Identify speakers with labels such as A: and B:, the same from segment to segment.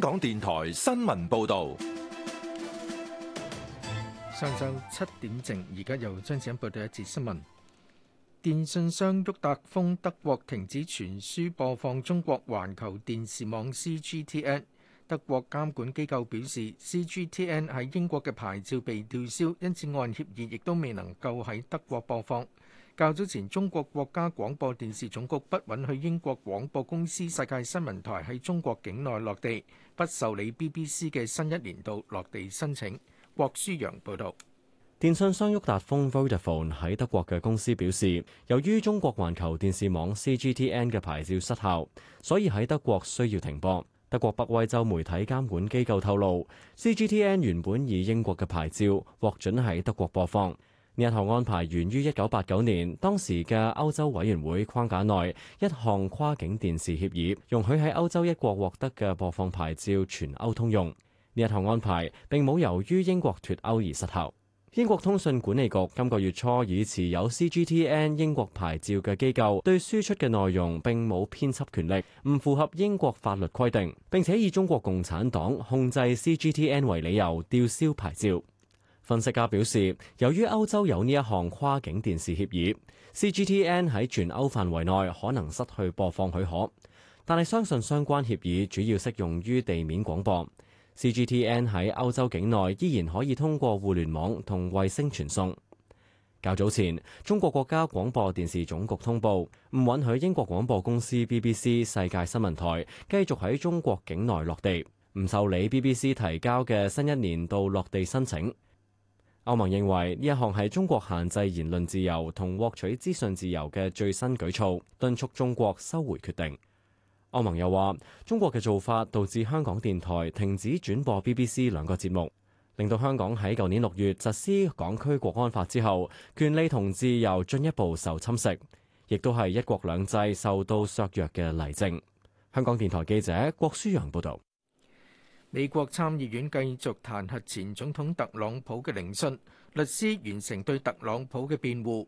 A: 香港電台新聞報道：上晝七點正，而家由張子欣報道一節新聞。電信商沃達豐德國停止傳輸播放中國環球電視網 C G T N。德國監管機構表示，C G T N 喺英國嘅牌照被吊銷，因此按協議亦都未能夠喺德國播放。較早前，中國國家廣播電視總局不允許英國廣播公司世界新聞台喺中國境內落地，不受理 BBC 嘅新一年度落地申請。郭舒揚報導。
B: 電信商沃達豐 （Vodafone） 喺德國嘅公司表示，由於中國環球電視網 （CGTN） 嘅牌照失效，所以喺德國需要停播。德國北威州媒體監管機構透露，CGTN 原本以英國嘅牌照獲准喺德國播放。呢一項安排源於一九八九年當時嘅歐洲委員會框架內一項跨境電視協議，容許喺歐洲一國獲得嘅播放牌照全歐通用。呢一項安排並冇由於英國脫歐而失效。英國通訊管理局今個月初以持有 CGTN 英國牌照嘅機構對輸出嘅內容並冇編輯權力，唔符合英國法律規定，並且以中國共產黨控制 CGTN 為理由吊銷牌照。分析家表示，由於歐洲有呢一項跨境電視協議，CGTN 喺全歐範圍內可能失去播放許可，但係相信相關協議主要適用於地面廣播。CGTN 喺歐洲境內依然可以通過互聯網同衛星傳送。較早前，中國國家廣播電視總局通報，唔允許英國廣播公司 BBC 世界新聞台繼續喺中國境內落地，唔受理 BBC 提交嘅新一年度落地申請。歐盟認為呢一項係中國限制言論自由同獲取資訊自由嘅最新舉措，敦促中國收回決定。歐盟又話，中國嘅做法導致香港電台停止轉播 BBC 兩個節目，令到香港喺舊年六月實施港區國安法之後，權利同自由進一步受侵蝕，亦都係一國兩制受到削弱嘅例證。香港電台記者郭舒陽報道。美
A: 國參議院繼續彈劾前總統特朗普嘅聆訊，律師完成對特朗普嘅辯護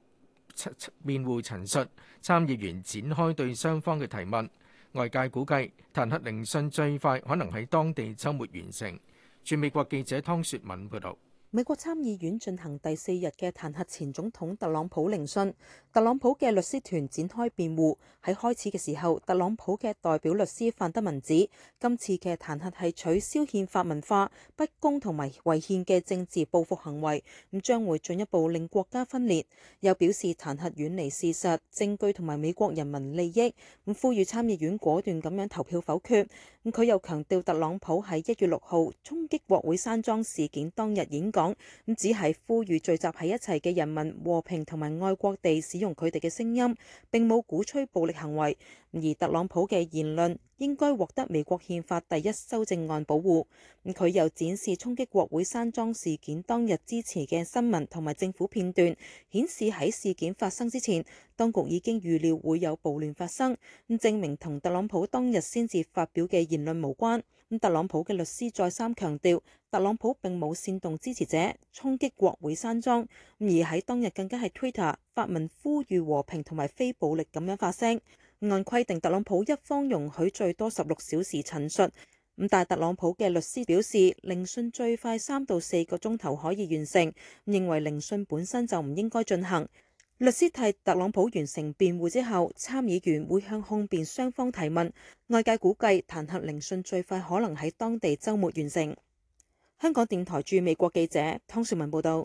A: 辯護陳述，參議員展開對雙方嘅提問。外界估計彈劾聆訊最快可能喺當地週末完成。駐美國記者湯雪敏報導。
C: 美國參議院進行第四日嘅彈劾前總統特朗普聆訊，特朗普嘅律師團展開辯護。喺開始嘅時候，特朗普嘅代表律師范德文指，今次嘅彈劾係取消憲法文化、不公同埋違憲嘅政治報復行為，咁將會進一步令國家分裂。又表示彈劾遠離事實、證據同埋美國人民利益，咁呼籲參議院果斷咁樣投票否決。咁佢又強調，特朗普喺一月六號衝擊國會山莊事件當日演講。咁只係呼籲聚集喺一齊嘅人民和平同埋愛國地使用佢哋嘅聲音，並冇鼓吹暴力行為。而特朗普嘅言論應該獲得美國憲法第一修正案保護，佢又展示衝擊國會山莊事件當日支持嘅新聞同埋政府片段，顯示喺事件發生之前，當局已經預料會有暴亂發生，咁證明同特朗普當日先至發表嘅言論無關，咁特朗普嘅律師再三強調，特朗普並冇煽動支持者衝擊國會山莊，而喺當日更加係 Twitter 發文呼籲和平同埋非暴力咁樣發聲。按規定，特朗普一方容許最多十六小時陳述，咁但特朗普嘅律師表示聆訊最快三到四個鐘頭可以完成，認為聆訊本身就唔應該進行。律師替特朗普完成辯護之後，參議員會向控辯雙方提問，外界估計彈劾聆訊最快可能喺當地周末完成。香港電台駐美國記者湯綺文報道。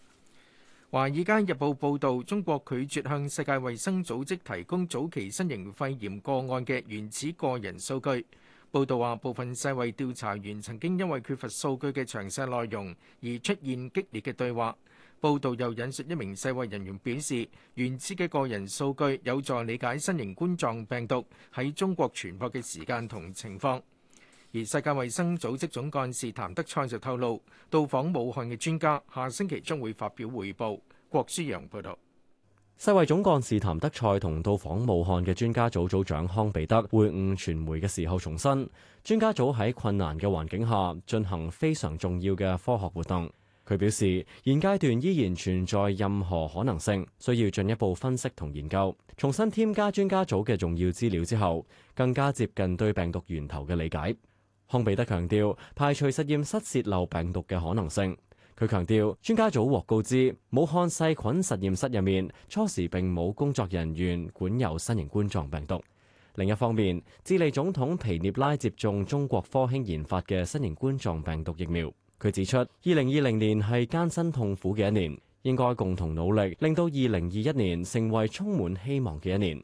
A: 《華爾街日報》報道，中國拒絕向世界衛生組織提供早期新型肺炎個案嘅原始個人數據。報道話，部分世衛調查員曾經因為缺乏數據嘅詳細內容而出現激烈嘅對話。報道又引述一名世衛人員表示，原始嘅個人數據有助理解新型冠狀病毒喺中國傳播嘅時間同情況。而世界衛生組織總幹事譚德塞就透露，到訪武漢嘅專家下星期將會發表匯報，郭書陽報道。
B: 世衛總幹事譚德塞同到訪武漢嘅專家組組長康彼得，會晤傳媒嘅時候重申，專家組喺困難嘅環境下進行非常重要嘅科學活動，佢表示，現階段依然存在任何可能性，需要進一步分析同研究。重新添加專家組嘅重要資料之後，更加接近對病毒源頭嘅理解。康比特強調排除實驗室泄漏病毒嘅可能性。佢強調專家組獲告知，武漢細菌實驗室入面初時並冇工作人員管有新型冠狀病毒。另一方面，智利總統皮涅拉接種中國科興研發嘅新型冠狀病毒疫苗。佢指出，二零二零年係艱辛痛苦嘅一年，應該共同努力，令到二零二一年成為充滿希望嘅一年。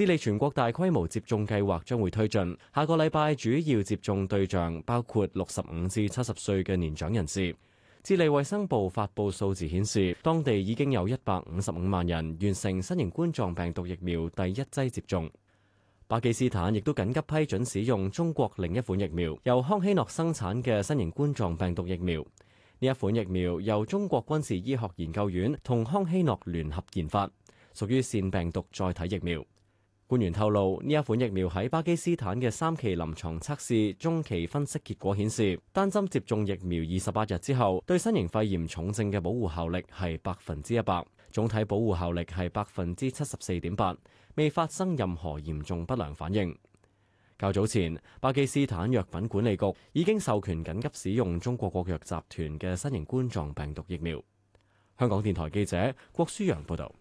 B: 智利全國大規模接種計劃將會推進，下個禮拜主要接種對象包括六十五至七十歲嘅年長人士。智利衛生部發布數字顯示，當地已經有一百五十五萬人完成新型冠狀病毒疫苗第一劑接種。巴基斯坦亦都緊急批准使用中國另一款疫苗，由康希諾生產嘅新型冠狀病毒疫苗。呢一款疫苗由中國軍事醫學研究院同康希諾聯合研發，屬於腺病毒載體疫苗。官員透露，呢一款疫苗喺巴基斯坦嘅三期臨床測試中期分析結果顯示，單針接種疫苗二十八日之後，對新型肺炎重症嘅保護效力係百分之一百，總體保護效力係百分之七十四點八，未發生任何嚴重不良反應。較早前，巴基斯坦藥品管理局已經授權緊急使用中國國藥集團嘅新型冠狀病毒疫苗。香港電台記者郭舒揚報道。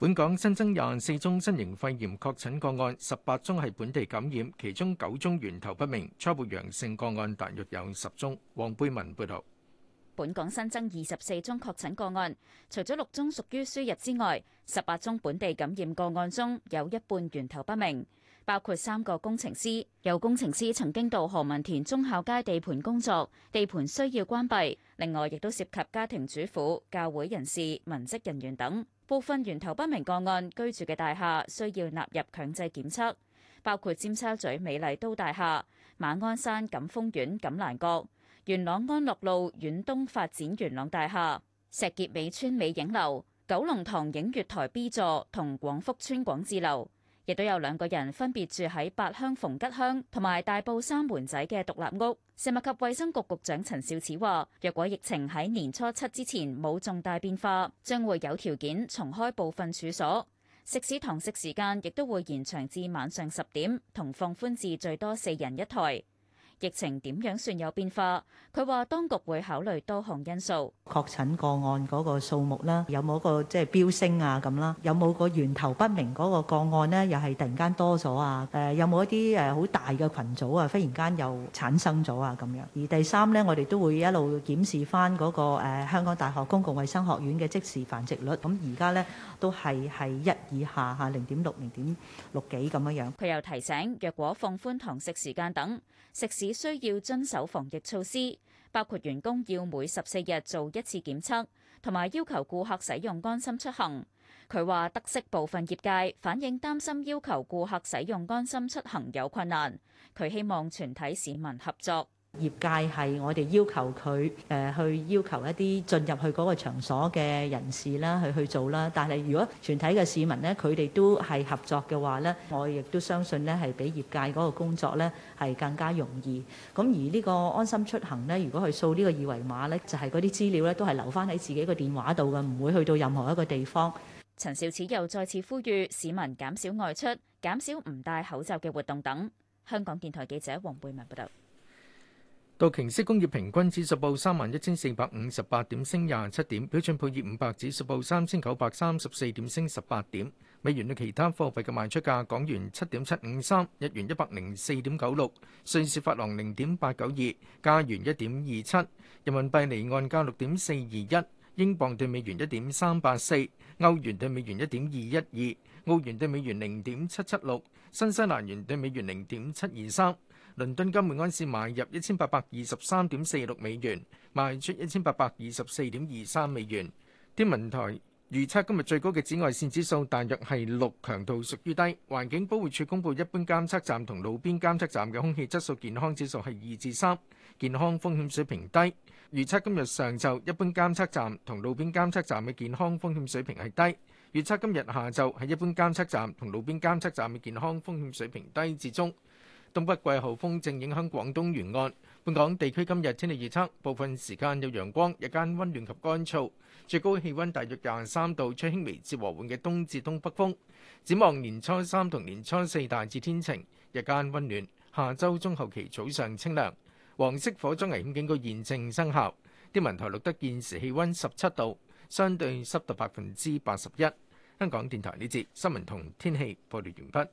B: 本港新增廿四宗新型肺炎確診
A: 個案，十八宗係本地感染，其中九宗源頭不明。初步陽性個案大約有十宗。黃貝文報道：
D: 本港新增二十四宗確診個案，除咗六宗屬於輸入之外，十八宗本地感染個案中有一半源頭不明，包括三個工程師。有工程師曾經到何文田忠孝街地盤工作，地盤需要關閉。另外，亦都涉及家庭主婦、教會人士、文職人員等。部分源頭不明個案居住嘅大廈需要納入強制檢測，包括尖沙咀美麗都大廈、馬鞍山錦豐苑錦蘭閣、元朗安樂路遠東發展元朗大廈、石硤尾村美影樓、九龍塘影月台 B 座同廣福村廣智樓。亦都有兩個人分別住喺八鄉逢吉鄉同埋大埔三門仔嘅獨立屋。食物及衛生局局長陳肇始話，若果疫情喺年初七之前冇重大變化，將會有條件重開部分處所，食肆堂食時間亦都會延長至晚上十點，同放寬至最多四人一台。疫情點樣算有變化？佢話當局會考慮多項因素，
E: 確診個案嗰個數目啦，有冇一個即係飆升啊，咁啦，有冇個源頭不明嗰個個案咧，又係突然間多咗啊？誒，有冇一啲誒好大嘅群組啊，忽然間又產生咗啊咁樣，而第三咧，我哋都會一路檢視翻嗰個誒香港大學公共衛生學院嘅即時繁殖率，咁而家咧都係係一以下吓零點六、零點六幾咁樣樣，
D: 佢又提醒，若果放寬堂食時間等食肆。只需要遵守防疫措施，包括員工要每十四日做一次檢測，同埋要求顧客使用安心出行。佢話得悉部分業界反映擔心要求顧客使用安心出行有困難，佢希望全體市民合作。業
E: 界係我哋要求佢誒去要求一啲進入去嗰個場所嘅人士啦，去去做啦。但係如果全體嘅市民呢，佢哋都係合作嘅話呢，我亦都相信呢係比業界嗰個工作呢係更加容易。咁而呢個安心出行呢，如果去掃呢個二維碼呢，就係嗰啲資料呢都係留返喺自己個電話度嘅，唔會去到任何一個地方。
D: 陳肇始又再次呼籲市民減少外出、減少唔戴口罩嘅活動等。香港電台記者黃貝文報道。
A: 道瓊斯工業平均指數報3萬1458點，升27點；標準普爾500指數報3934點，升18點。美元對其他貨幣嘅賣出價：港元7.753，日元104.96，瑞士法郎0.892，加元1.27，人民幣離岸價6.421，英鎊對美元1.384，歐元對美元1.212，澳元對美元0.776，新西蘭元對美元0.723。倫敦金每安士買入一千八百二十三點四六美元，賣出一千八百二十四點二三美元。天文台預測今日最高嘅紫外線指數大約係六，強度屬於低。環境保護署公布，一般監測站同路邊監測站嘅空氣質素健康指數係二至三，健康風險水平低。預測今日上晝一般監測站同路邊監測站嘅健康風險水平係低。預測今日下晝喺一般監測站同路邊監測站嘅健康風險水平低至中。東北季候風正影響廣東沿岸，本港地區今日天氣預測，部分時間有陽光，日間溫暖及乾燥，最高氣溫大約廿三度，吹輕微至和緩嘅東至東北風。展望年初三同年初四大致天晴，日間溫暖。下周中後期早上清涼。黃色火災危險警告現正生效。天文台錄得現時氣温十七度，相對濕度百分之八十一。香港電台呢節新聞同天氣報告完畢。